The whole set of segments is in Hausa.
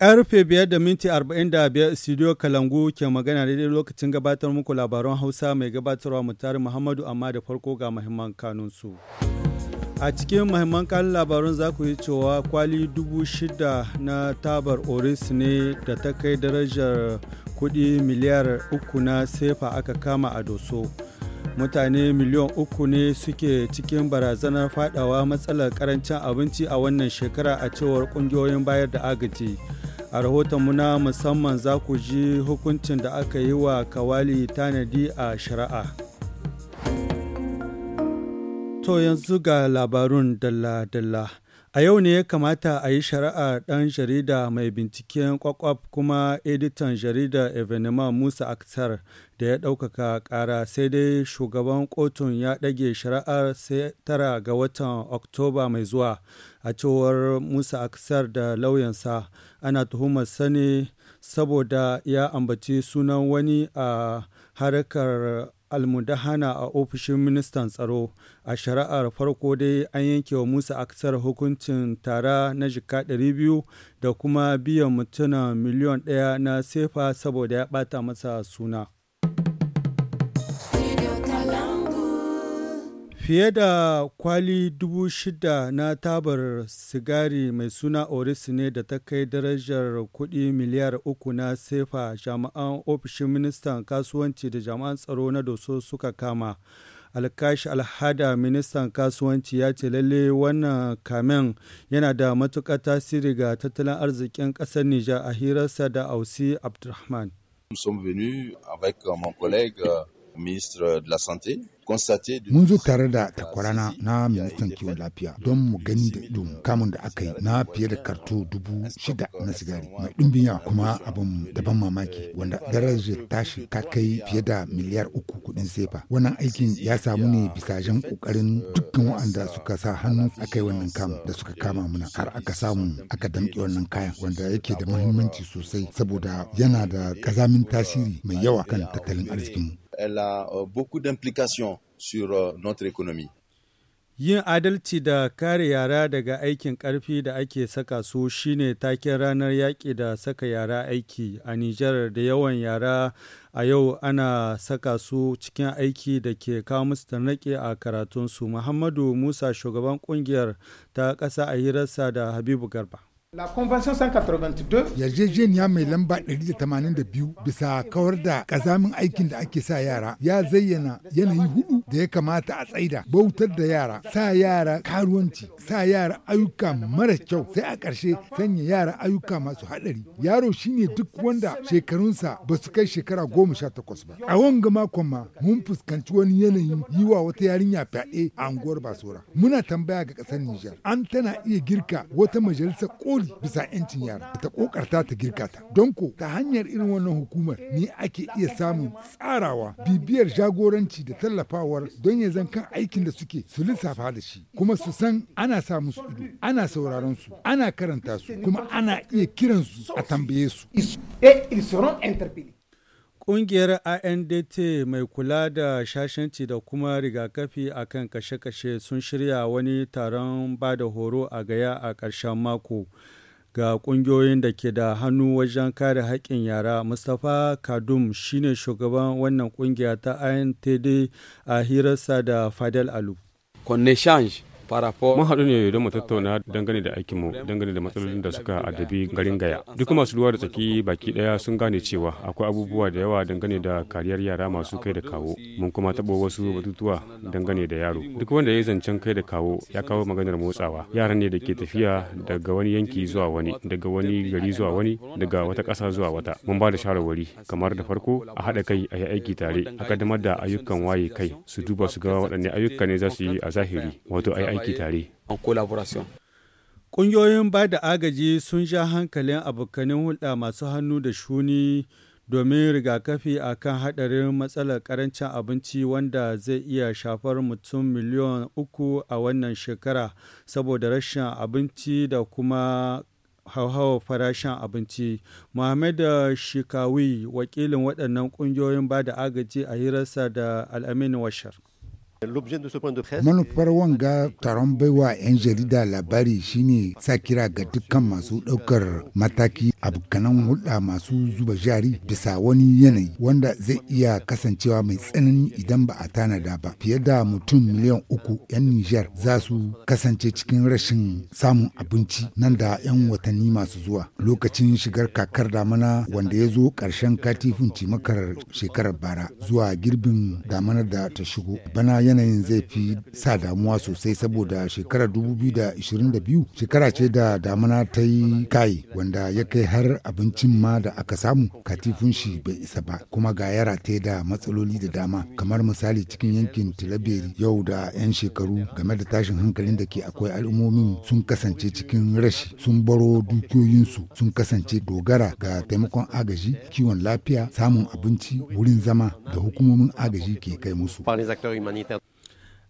Karfe biyar da minti arba'in da biyar studio Kalangu ke magana daidai lokacin gabatar muku labaran Hausa mai gabatarwa mutari Muhammadu amma da farko ga mahimman kanunsu. A cikin mahimman kanun labarun za ku yi cewa kwali dubu shida na tabar Oris ne da ta kai darajar kuɗi miliyar uku na sefa aka kama a doso. Mutane miliyan uku ne suke cikin barazanar faɗawa matsalar karancin abinci a wannan shekara a cewar ƙungiyoyin bayar da agaji. a rahotonmu na musamman za ku ji hukuncin da aka yi wa kawali tanadi a shari'a to yanzu ga labarun dalla-dalla A yau ne ya kamata a yi shari'a ɗan jarida mai binciken kwakwaf kuma editan jarida Evenema Musa Akhtar da ya ɗaukaka ƙara sai dai shugaban kotun ya ɗage shari'ar sai tara ga watan Oktoba mai zuwa. A cewar Musa Akhtar da lauyansa ana tuhumar sani saboda ya ambaci sunan wani a harkar almudahana a ofishin ministan tsaro a shari'ar farko dai an yanke wa musa aksar hukuncin tara na jika 200 da kuma biyan mutuna miliyan 1 na sefa saboda ya bata masa suna Fiye da kwali dubu shida na tabar sigari mai suna Oris ne da ta kai darajar kuɗi miliyar uku na sefa jami'an ofishin ministan kasuwanci da jama'an tsaro na doso suka kama. alkash alhada ministan kasuwanci ya ce lalle wannan kamen yana da matuƙar tasiri ga tattalin arzikin ƙasar nijar a hirarsa da ausi abdulrahman. Mun zo tare da takwarana na ministan kiwon lafiya don mu gani da ido kamun da aka yi na fiye da karto dubu shida na sigari mai ɗumbin yawa kuma abin daban mamaki wanda darajar tashi ka kai fiye da miliyar uku kuɗin sefa. Wannan aikin ya samu ne bisa jan ƙoƙarin dukkan waɗanda suka sa hannu aka yi wannan kamun da suka kama muna har aka samu aka damƙe wannan kayan wanda yake da muhimmanci sosai euh, saboda euh, yana da ƙazamin euh, tasiri mai yawa kan tattalin arzikinmu. elle a euh, beaucoup d'implications sur euh, notre économie. Yin adalci da kare yara daga aikin ƙarfi da ake saka su shine taken ranar yaƙi da saka yara aiki a Nijar da yawan yara a yau ana saka su cikin aiki da ke kawo musu tarnaƙi a karatunsu. Muhammadu Musa shugaban ƙungiyar ta ƙasa a hirarsa da Habibu Garba. La Convention 182 yarjejeniya mai lamba 182 bisa kawar da kazamin aikin da ake sa yara ya zayyana yanayi hudu da ya kamata a tsaida bautar da yara sa yara karuwanci sa yara ayyuka mara kyau sai a ƙarshe sanya yara ayyuka masu haɗari yaro shine duk wanda shekarunsa ba su kai shekara goma sha takwas ba a wanga makon ma mun fuskanci wani yanayin yi wa wata yarinya fyaɗe a unguwar basora muna tambaya ga ƙasar Nijar an tana iya girka wata majalisar ko dole bisa 'yancin yara da ta kokarta ta girka ta don ko ta hanyar irin wannan hukumar ne ake iya samun tsarawa bibiyar jagoranci da tallafawar don ya zan kan aikin da suke su lissafa da shi kuma su san ana sa musu ido ana sauraron su ana karanta su kuma ana iya kiransu a tambaye su. Ƙungiyar INDT mai kula da shashanci da kuma rigakafi a kan kashe-kashe sun shirya wani taron ba da horo a gaya a ƙarshen mako ga ƙungiyoyin da ke da hannu wajen kare haƙƙin yara. Mustapha Kadum shine shugaban wannan ƙungiya ta INTD a hirarsa da Fadel Alu. Qu'on Mun haɗu ne don mu tattauna dangane da aikinmu dangane da matsalolin da suka adabi garin Gaya. Duk masu ruwa da tsaki baki ɗaya sun gane cewa akwai abubuwa da yawa dangane da kariyar yara masu kai da kawo. Mun kuma taɓo wasu batutuwa dangane da yaro. Duk wanda ya yi zancen kai da kawo ya kawo maganar motsawa. yara ne da ke tafiya daga wani yanki zuwa wani, daga wani gari zuwa wani, daga wata ƙasa zuwa wata. Mun ba da shawarwari kamar da farko a haɗa kai a yi aiki tare, a kaddamar da ayyukan waye kai su duba su ga waɗanne ayyuka ne za su yi a zahiri. Wato a aiki tare. Ƙungiyoyin ba da agaji sun sha hankalin abokanin hulɗa masu hannu da shuni domin rigakafi a kan haɗarin matsalar karancin abinci wanda zai iya shafar mutum miliyan uku a wannan shekara saboda rashin abinci da kuma hauhawar farashin abinci. Muhammad Shikawi wakilin waɗannan ƙungiyoyin ba da agaji a hirarsa da Al'amin Washar. manufar wanga taron baiwa 'yan jarida labari shine sa kira ga dukkan masu ɗaukar mataki abokanan hulɗa masu zuba jari bisa wani yanayi wanda zai iya kasancewa mai tsanani idan ba a tanada ba fiye da mutum miliyan uku 'yan Nijar za su kasance cikin rashin samun abinci nan da 'yan watanni masu zuwa lokacin shigar kakar damana wanda ya zo ƙarshen katifin cimakar shekarar bara zuwa girbin damana da ta shigo bana yanayin zai fi sa damuwa sosai saboda shekarar 2022 shekara ce da damana ta yi kai wanda ya kai har abincin ma da aka samu katifun shi bai isa ba kuma ga yara ta da matsaloli da dama kamar misali cikin yankin tilaberi yau da 'yan shekaru game da tashin hankalin da ke akwai al'ummomin sun kasance cikin rashi sun baro dukiyoyinsu sun kasance dogara ga taimakon agaji kiwon lafiya samun abinci wurin zama da hukumomin agaji ke kai musu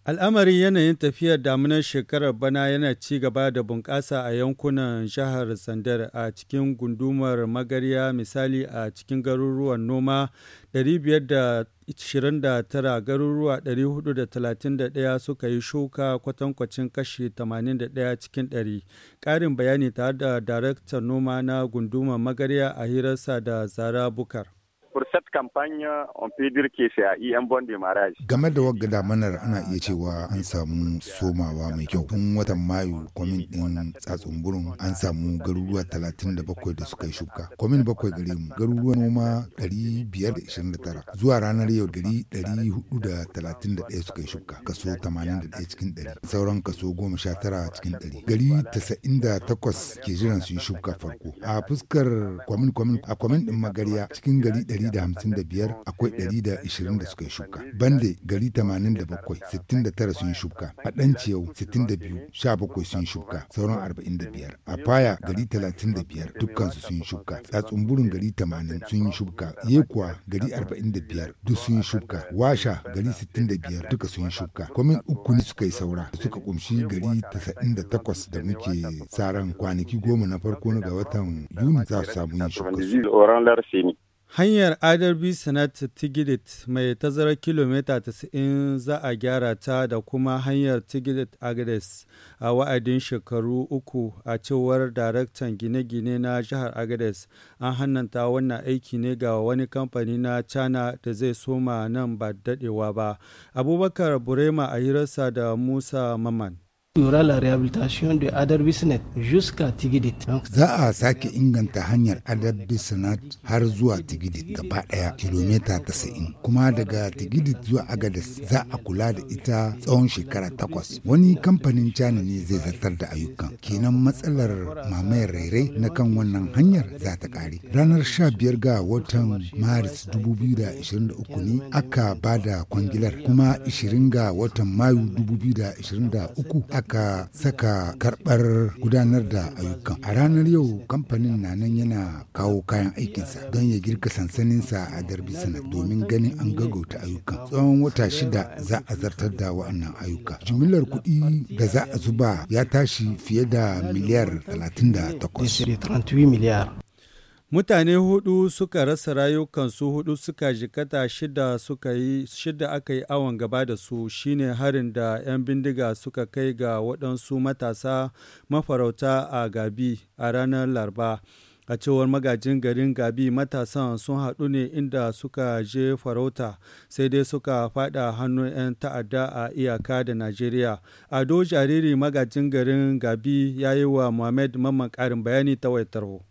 Al'amarin yanayin tafiyar damunar shekarar bana yana ci gaba da bunƙasa a yankunan jihar Zandar a cikin gundumar magarya misali a cikin garuruwan noma 529 garuruwa 431 suka yi shuka kwatankwacin kashi 81 cikin 100. Ƙarin bayani tare da daraktan noma na gundumar magarya a hirarsa da Zara Bukar. pour cette campagne on peut dire que c'est à un bon démarrage game da wagga damanar ana iya cewa an samu somawa mai kyau Kun watan mayu komin din tsatsunburin an samu garuruwa 37 da suka yi shuka Komin bakwai gare mu garuruwa noma 529 zuwa ranar yau gari 431 suka yi shuka kaso 81 cikin 100 sauran kaso 19 cikin 100 gari 98 ke jiran su yi shuka farko a fuskar komin komin a komin din magarya cikin gari 155 akwai 120 da suka yi shuka. Bande gari 87 69 sun yi shuka. A Ɗanciyau 62 17 sun yi shuka sauran 45. A Faya gari 35 dukkansu sun yi shuka. Tsatsunburin gari 80 sun yi shuka. Yekuwa gari 45 duk sun yi shuka. Washa gari 65 duka sun yi shuka. Kwamin uku ne suka yi saura suka kumshi gari 98 da muke tsaron kwanaki goma na farko na ga watan Yuni za su samu yin shuka su. Hanyar Adarbi sanat Tigidit mai tazarar kilomita 90 za a gyara ta da kuma hanyar Tigidit Agades a wa'adin shekaru uku a cewar daraktan gine-gine na jihar Agades. An hannanta wannan aiki ne ga wani kamfani na China da zai soma nan ba daɗewa ba. Abubakar Burema a hirarsa da Musa Maman. aura la réhabilitation de Adar Bisnet jusqu'à Tigidit. Za a sake inganta hanyar Adar Bisnet har zuwa Tigidit gaba daya kilomita 90 kuma daga Tigidit zuwa Agadez za a kula da ita tsawon shekara takwas. Wani kamfanin China ne zai zartar da ayyukan. Kenan matsalar mamayar rairai na kan wannan hanyar za ta kare. Ranar 15 ga watan Maris 2023 ne aka bada kwangilar kuma 20 ga watan Mayu 2023 aka ka saka karɓar gudanar da ayyukan. A ranar yau kamfanin na nan yana kawo kayan aikinsa don ya girka sansaninsa a darbi sana domin ganin an gagauta ayyukan. Tsawon wata shida za a zartar da wa'annan ayyuka. Jimillar kuɗi da za a zuba ya tashi fiye da miliyar 38. Mutane hudu suka rasa rayukansu hudu suka jikata shida suka yi shida aka yi awon gaba da su shine harin da 'yan bindiga suka kai ga waɗansu matasa mafarauta a Gabi a ranar Larba a cewar magajin garin gabi matasan sun haɗu ne inda suka je farauta sai dai suka fada hannun 'yan ta'adda a iyaka da najeriya ado jariri magajin garin gabi ya yi wa muhammad mamman ƙarin bayani ta waitarho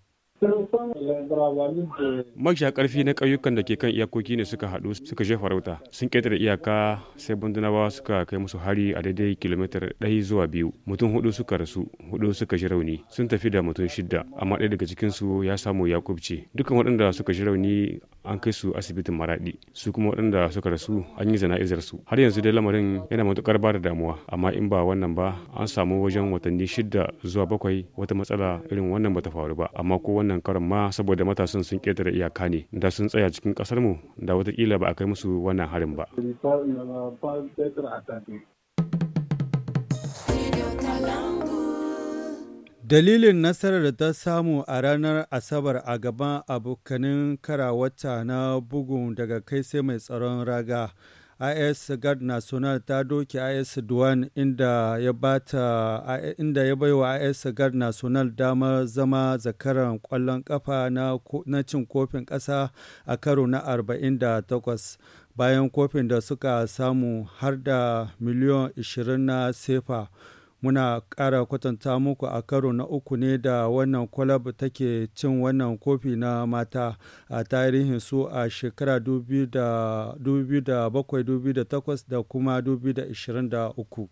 Magsha karfi na ƙauyukan da ke kan iyakoki ne suka haɗu suka je farauta sun ƙetare iyaka sai bandunawa suka kai musu hari a daidai kilomitar ɗaya zuwa biyu mutum hudu suka rasu hudu suka ji rauni sun tafi da mutum shidda amma ɗaya daga cikinsu ya samu ya kubce dukkan waɗanda suka ji rauni an kai su asibitin maraɗi su kuma waɗanda suka rasu an yi jana'izar su har yanzu dai lamarin yana matuƙar ba da damuwa amma in ba wannan ba an samu wajen watanni shidda zuwa bakwai wata matsala irin wannan ba ta faru ba amma ko wannan karon ma saboda matasan sun ƙetare iyaka ne da sun tsaya cikin kasar mu da watakila ba a kai musu wannan harin ba. Dalilin nasarar da ta samu a ranar Asabar a gaban abokanin wata na bugun daga kai sai mai tsaron raga is guard national ta doke is Duan inda ya bata inda ya baiwa is guard national damar zama zakaran kwallon kafa na cin kofin ƙasa a karo na 48 bayan kofin da suka samu har da miliyan 20 na sefa muna ƙara kwatanta muku a karo na uku ne da wannan kwalab take cin wannan kofi na mata a tarihin su a shekara 2007-2008 da kuma 2023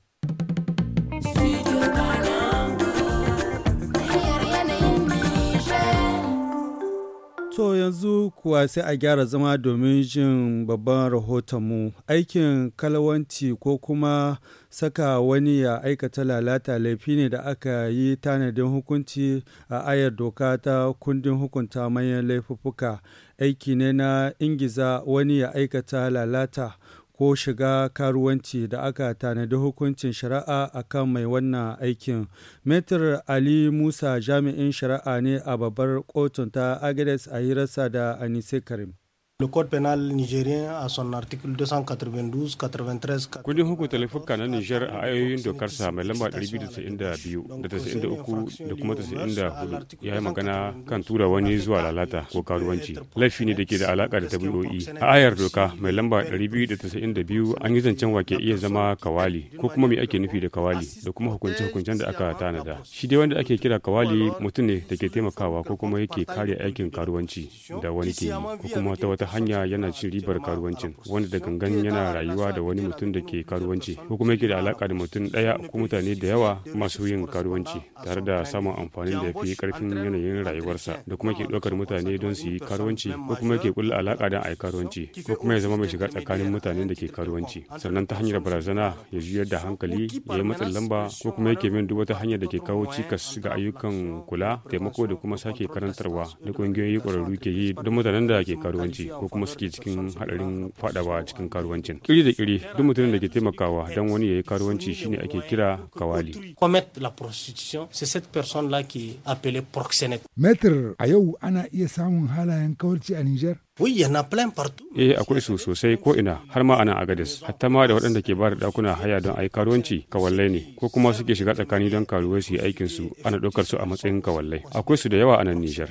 To yanzu kuwa sai a gyara zama domin jin babban rahotonmu aikin kalawanci ko kuma saka wani ya aikata lalata laifi ne da aka yi tanadin hukunci a ayar doka ta kundin hukunta manyan laifuffuka aiki ne na ingiza wani ya aikata lalata ko shiga karuwanci da aka tanadi hukuncin shari'a a kan mai wannan aikin. Metir Ali Musa jami'in shari'a ne a babbar kotun ta Agades a hirarsa da Anise Karim. Le code pénal nigérien a son article 292, 93, Kudin hukunta laifuka na Nijar a ayoyin dokar sa mai lamba 292 da 93 da kuma 94 ya yi magana kan tura wani zuwa lalata ko karuwanci. Laifi ne da ke da alaka da tabi'o'i. A ayar doka mai lamba 292 an yi zancen wake iya zama kawali ko kuma mai ake nufi da kawali da kuma hukunce-hukuncen da aka tanada. Shi dai wanda ake kira kawali mutum ne da ke taimakawa ko kuma yake kare aikin karuwanci da wani ke yi ko kuma ta wata ta hanya yana cin ribar karuwancin wanda da gangan yana rayuwa da wani mutum da ke karuwanci ko kuma yake da alaka da mutum daya ko mutane da yawa masu yin karuwanci tare da samun amfani da fi karfin yanayin rayuwarsa da kuma ke ɗaukar mutane don su yi karuwanci ko kuma ke kulla alaka da ai karuwanci ko kuma ya zama mai shiga tsakanin mutanen da ke karuwanci sannan ta hanyar barazana ya juyar da hankali ya yi matsin lamba ko kuma yake min duk wata hanyar da ke kawo cikas ga ayyukan kula taimako da kuma sake karantarwa da ƙungiyoyi ƙwararru ke yi don mutanen da ke karuwanci ko kuma suke cikin haɗarin faɗawa cikin karuwancin kiri da kiri duk mutumin da ke taimakawa don wani ya yi karuwanci shine ake kira kawali metr a yau ana iya samun halayen kawarci a niger partout. Eh akwai su sosai ko ina har ma anan Agadez hatta ma da waɗanda ke ba da dakuna haya don ai karuwanci kawallai ne ko kuma suke shiga tsakani don karuwai su yi aikin su ana ɗaukar su a matsayin kawallai akwai su da yawa anan Niger.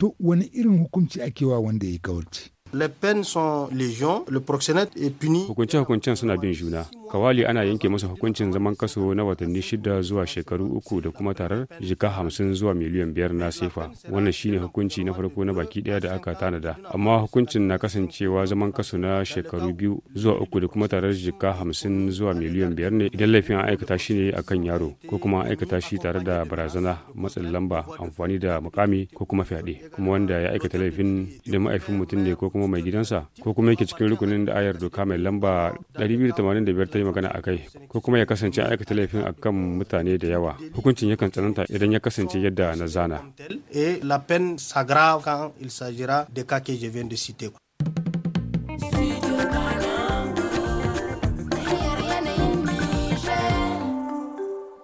To wani irin hukunci ake wa wanda ya kawarci? Les peines sont légion, le proxénète est puni. Hukunce-hukuncen suna bin juna. kawali ana yanke masa hukuncin zaman kaso na watanni shida zuwa shekaru uku da kuma tarar jika hamsin zuwa miliyan biyar na sefa wannan shine hukunci na farko na baki daya da aka tanada amma hukuncin na kasancewa zaman kaso na shekaru biyu zuwa uku da kuma tarar jika hamsin zuwa miliyan biyar ne idan laifin an aikata shi ne akan yaro ko kuma aikata shi tare da barazana matsin lamba amfani da mukami ko kuma fyaɗe kuma wanda ya aikata laifin da ma'aifin mutum ne ko kuma mai gidansa ko kuma yake cikin rukunin da ayar doka mai lamba 285 ta yi magana a kai ko kuma ya kasance aikata laifin akan mutane da yawa hukuncin yakan tsananta idan ya kasance yadda na zana eh,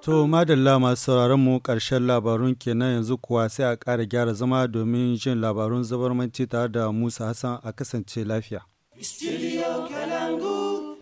To madalla masu sauraron mu karshen labarun kenan yanzu kuwa sai a ƙara gyara zama domin jin labarun zabarmanci tare da Musa Hassan a kasance lafiya.